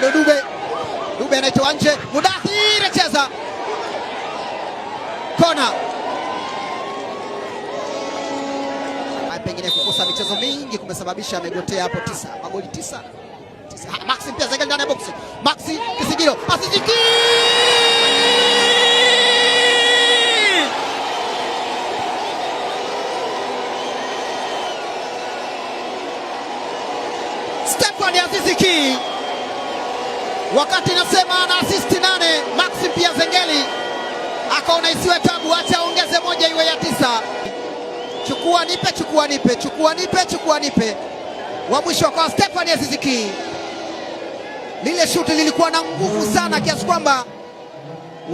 bado Dube, Dube anaitoa nje, Mudathi acheza kona. Pengine kukosa michezo mingi kumesababisha amegotea hapo tisa, magoli tisa. Tisa. Maxi pia zaga ndani ya boksi, Maxi kisigiro asijiki Stefani Aziziki wakati nasema ana asisti nane, Maxi pia Zengeli akaona isiwe tabu, acha ongeze moja iwe ya tisa. Chukua nipe, chukua nipe, chukua nipe, chukua nipe, wa mwisho kwa Stephanie Ziziki. Lile shuti lilikuwa na nguvu sana kiasi kwamba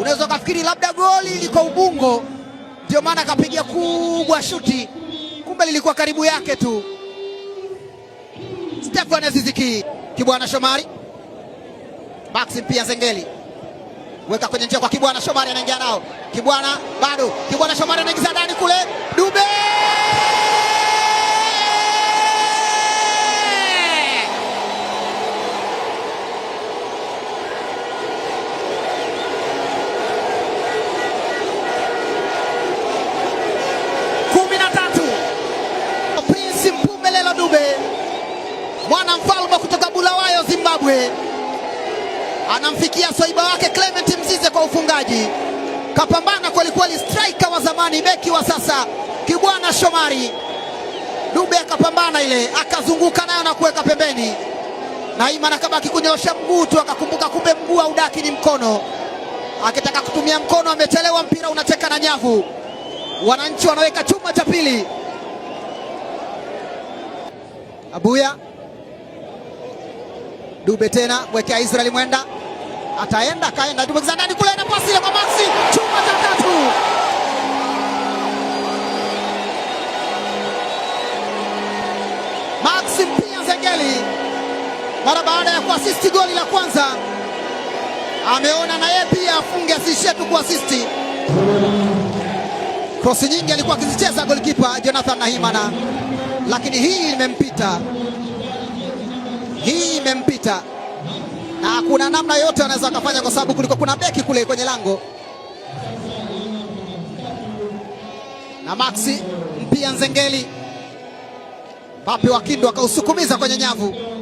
unaweza ukafikiri labda goli liko Ubungo, ndio maana akapiga kubwa shuti, kumbe lilikuwa karibu yake tu. Stephanie Ziziki, Kibwana Shomari. Maxi pia Zengeli weka kwenye njia kwa Kibwana Shomari, anaingia nao Kibwana, bado Kibwana Shomari anaingiza ndani kule, Dube mwana mfalme kutoka Bulawayo Zimbabwe anamfikia saiba wake Clement Mzize kwa ufungaji. Kapambana kwelikweli, striker wa zamani, beki wa sasa Kibwana Shomari Dube akapambana ile, akazunguka nayo na kuweka pembeni. Naiman nakabaki kunyosha mguu tu, akakumbuka kumbe mguu audaki ni mkono. Akitaka kutumia mkono amechelewa, mpira unacheka na nyavu. Wananchi wanaweka chuma cha pili. Abuya Dube tena wekea Israeli Mwenda, ataenda akaenda Dube ndani kule, na pasi ya Maxi, chuma cha tatu. Maxi pia zegeli mara baada ya kuasisti goli la kwanza, ameona na yeye pia afunge, asiishie tu kuasisti. Krosi nyingi alikuwa akizicheza golikipa Jonathan Nahimana, lakini hii imempita hii imempita na kuna namna yote anaweza akafanya, kwa sababu kuliko kuna beki kule kwenye lango na Maxi mpia Nzengeli, Pape Wakindo akausukumiza kwenye nyavu.